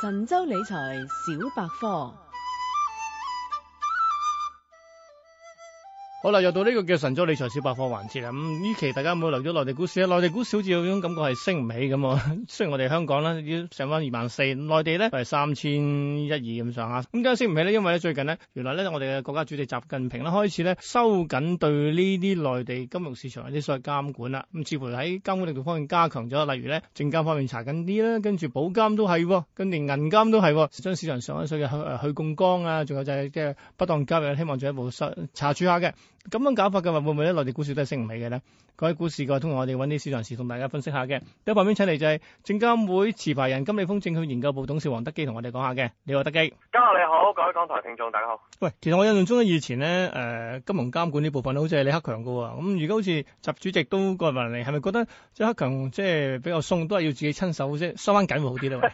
神州理財小百科。好啦，又到呢個叫神州理財小百科環節啦。咁、嗯、呢期大家有冇留意咗內地股市啊？內地股市好似有種感覺係升唔起咁。雖然我哋香港咧要上返二萬四，內地咧係三千一二咁上下。咁點解升唔起咧？因為最近咧，原來咧我哋嘅國家主席習近平啦開始咧收緊對呢啲內地金融市場啲所謂監管啦。咁、嗯、似乎喺監管力度方面加強咗，例如咧證監方面查緊啲啦，跟住保監都係、哦，跟連銀監都係、哦，將市場上一所嘅去去槓桿啊，仲有就係即係不當交易，希望進一步查查處下嘅。咁樣搞法嘅話，會唔會咧內地股市都係升唔起嘅咧？各位股市嘅，通過我哋搵啲市場事同大家分析下嘅。第一旁邊請嚟就係證監會持牌人金利豐證券研究部董事黃德幾，同我哋講下嘅。你好，德幾。家下你好，各位港台聽眾大家好。喂，其實我印象中呢，以前咧，誒、呃，金融監管呢部分好似係李克強噶喎。咁而家好似習主席都過埋嚟，係咪覺得即係李克強即係比較鬆，都係要自己親手先收翻緊會好啲咧？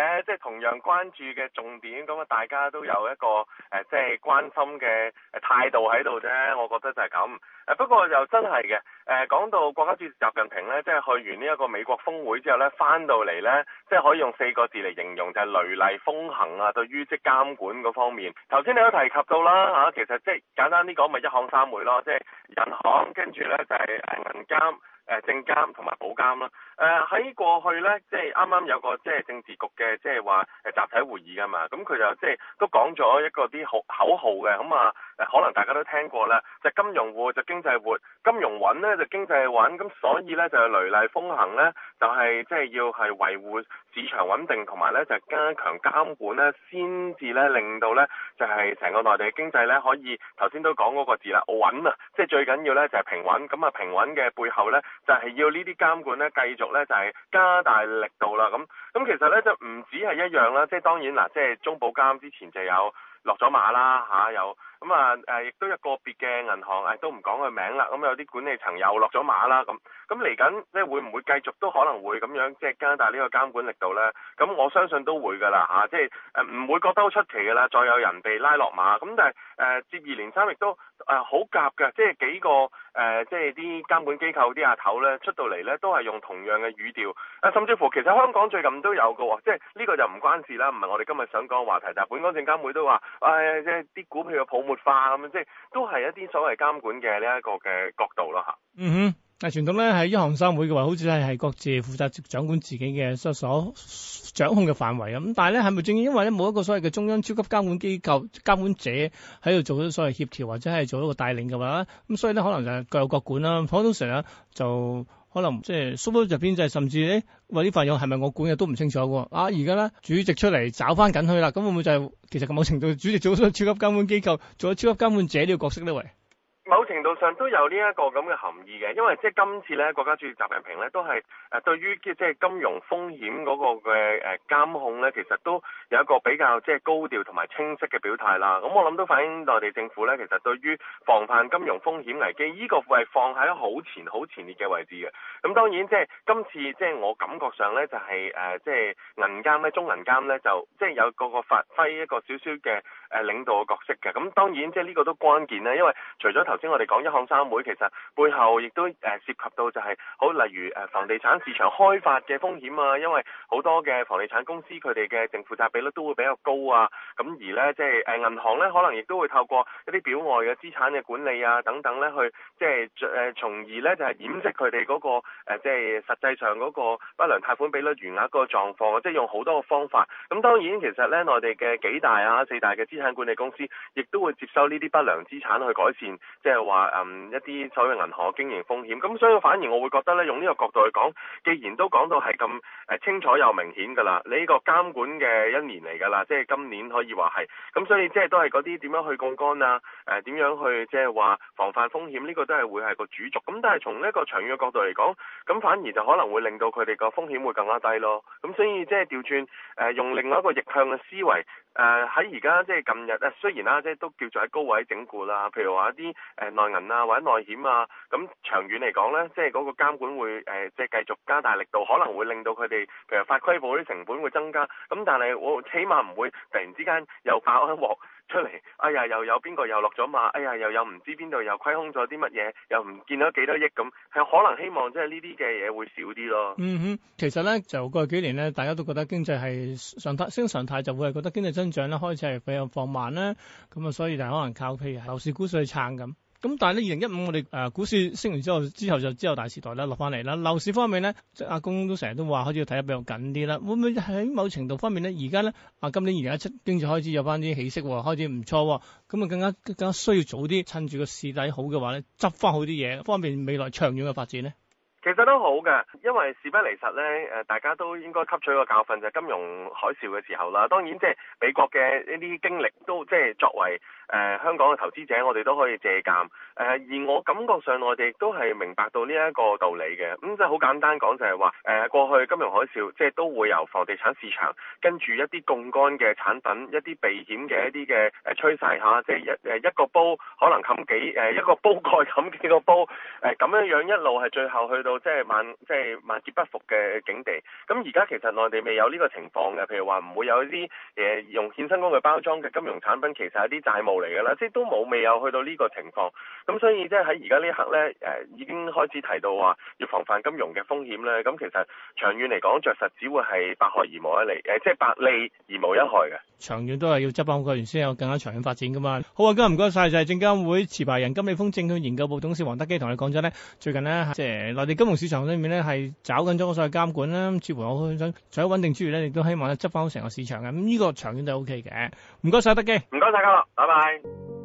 嘅，即係同樣關注嘅重點，咁啊大家都有一個誒，即係關心嘅態度喺度啫。我覺得就係咁。誒不過又真係嘅，誒講到國家主席習近平咧，即係去完呢一個美國峰會之後咧，翻到嚟咧，即係可以用四個字嚟形容，就係雷厲風行啊。對於即監管嗰方面，頭先你都提及到啦嚇，其實即係簡單啲講，咪一行三會咯，即係銀行，跟住咧就係銀監。誒證監同埋保監啦，喺、呃、過去咧，即係啱啱有個即係政治局嘅，即係話誒集體會議㗎嘛，咁佢就即係、就是、都講咗一個啲好口號嘅，咁啊。可能大家都聽過啦，就金融活就經濟活，金融穩咧就經濟穩，咁所以咧就係雷厲風行咧，就係即係要係維護市場穩定同埋咧就加強監管咧，先至咧令到咧就係成個內地的經濟咧可以頭先都講嗰個字啦，穩啊，即係最緊要咧就係平穩，咁啊平穩嘅背後咧就係要呢啲監管咧繼續咧就係加大力度啦，咁咁其實咧就唔止係一樣啦，即係當然啦即係中保監之前就有落咗馬啦嚇、啊、有。咁啊，亦都有個別嘅銀行，都唔講佢名啦。咁有啲管理層又落咗馬啦。咁咁嚟緊咧，會唔會繼續都可能會咁樣，即係加大呢個監管力度咧？咁我相信都會㗎啦，即係唔會覺得好出奇㗎啦。再有人被拉落馬，咁但係誒、啊、接二連三亦都誒好夾㗎。即係幾個誒、啊、即係啲監管機構啲阿頭咧出到嚟咧，都係用同樣嘅語調。啊，甚至乎其實香港最近都有個喎、啊，即係呢個就唔關事啦，唔係我哋今日想講話題，但本港證監會都話誒、哎、即係啲股票嘅泡沫活化咁樣，即係都係一啲所謂監管嘅呢一個嘅角度咯吓，嗯哼，係傳統咧係一行三會嘅話，好似係係各自負責掌管自己嘅所所掌控嘅範圍咁，但係咧係咪正因為咧冇一個所謂嘅中央超級監管機構監管者喺度做咗所謂協調或者係做咗個帶領嘅話，咁所以咧可能就係各有各管啦。好多時咧就。可能即係疏忽入邊，就係甚至誒，話呢費用係咪我管嘅都唔清楚喎。啊，而家咧主席出嚟找翻緊佢啦，咁會唔會就係、是、其實個某程度，主席做咗超級監管機構，做咗超級監管者呢個角色咧？喂？程度上都有呢一個咁嘅含義嘅，因為即係今次咧國家主席習近平咧都係誒對於即係金融風險嗰個嘅誒監控咧，其實都有一個比較即係高調同埋清晰嘅表態啦。咁我諗都反映內地政府咧，其實對於防範金融風險危機呢個係放喺好前好前列嘅位置嘅。咁當然即係今次即係我感覺上咧就係誒即係銀監咧、中銀監咧就即係有個個發揮一個少少嘅誒領導嘅角色嘅。咁當然即係呢個都關鍵啦，因為除咗頭先我。嚟哋講一行三會，其實背後亦都誒涉及到就係、是、好例如誒房地產市場開發嘅風險啊，因為好多嘅房地產公司佢哋嘅淨負債比率都會比較高啊，咁而呢，即係誒銀行呢，可能亦都會透過一啲表外嘅資產嘅管理啊等等呢，去即係誒從而呢，就係、是、掩飾佢哋嗰個即係、就是、實際上嗰個不良貸款比率餘額嗰個狀況，即、就、係、是、用好多嘅方法。咁當然其實呢，內地嘅幾大啊四大嘅資產管理公司亦都會接收呢啲不良資產去改善，即係。話嗯一啲所謂銀行經營風險，咁所以反而我會覺得咧，用呢個角度去講，既然都講到係咁誒清楚又明顯噶啦，你呢個監管嘅一年嚟噶啦，即係今年可以話係，咁所以即係都係嗰啲點樣去槓桿啊，誒、呃、點樣去即係話防範風險呢、呢個都係會係個主軸，咁但係從呢個長遠嘅角度嚟講，咁反而就可能會令到佢哋個風險會更加低咯，咁所以即係調轉誒用另外一個逆向嘅思維。誒喺而家即係近日啊，雖然啦，即係都叫做喺高位整固啦，譬如話一啲誒、呃、內銀啊或者內險啊，咁長遠嚟講呢，即係嗰個監管會誒、呃、即係繼續加大力度，可能會令到佢哋譬如發規模啲成本會增加，咁但係我、呃、起碼唔會突然之間又爆開鍋。出嚟，哎呀又有邊個又落咗馬，哎呀又有唔知邊度又虧空咗啲乜嘢，又唔見到幾多億咁，係可能希望即係呢啲嘅嘢會少啲咯。嗯哼，其實咧就過去幾年咧，大家都覺得經濟係常態升常態，就會係覺得經濟增長咧開始係比較放慢啦。咁啊，所以就可能靠譬如樓市、股市去撐咁。咁但係咧，二零一五我哋誒股市升完之後，之後就之後大時代啦落翻嚟啦。樓市方面咧，即阿公都成日都話，開始睇得比較緊啲啦。會唔會喺某程度方面咧，而家咧，啊今年二零一七經濟開始有翻啲起色，開始唔錯，咁啊更加更加需要早啲趁住個市底好嘅話咧，執翻好啲嘢，方便未來長遠嘅發展咧。其實都好嘅，因為事不離實呢誒，大家都應該吸取一個教訓就係、是、金融海嘯嘅時候啦。當然即係美國嘅一啲經歷都即係作為誒、呃、香港嘅投資者，我哋都可以借鑒。誒、呃，而我感覺上我哋都係明白到呢一個道理嘅。咁即係好簡單講就係、是、話，誒、呃，過去金融海嘯即係都會由房地產市場跟住一啲槓桿嘅產品、一啲避險嘅一啲嘅誒趨勢吓，即、啊、係、就是、一誒一,一個煲可能冚幾誒一個煲蓋冚幾個煲誒咁樣樣一路係最後去到。即係萬即係萬劫不復嘅境地，咁而家其實內地未有呢個情況嘅，譬如話唔會有一啲誒、呃、用衍生工具包裝嘅金融產品，其實係啲債務嚟㗎啦，即係都冇未有去到呢個情況，咁所以即係喺而家呢刻呢，誒、呃、已經開始提到話要防範金融嘅風險呢。咁其實長遠嚟講着實只會係百害而無一利，誒即係百利而無一害嘅。長遠都係要執翻好佢，先有更加長遠發展噶嘛。好啊，今日唔該晒就係證監會持牌人金利豐證券研究部董事黃德幾同你講咗咧，最近咧即係內地金融市場裏面咧係抓緊咗所有監管啦，作為我想想穩定之餘咧，亦都希望咧執翻好成個市場嘅。咁、這、呢個長遠都係 O K 嘅。唔該晒，德幾。唔該晒，嘉樂。拜拜。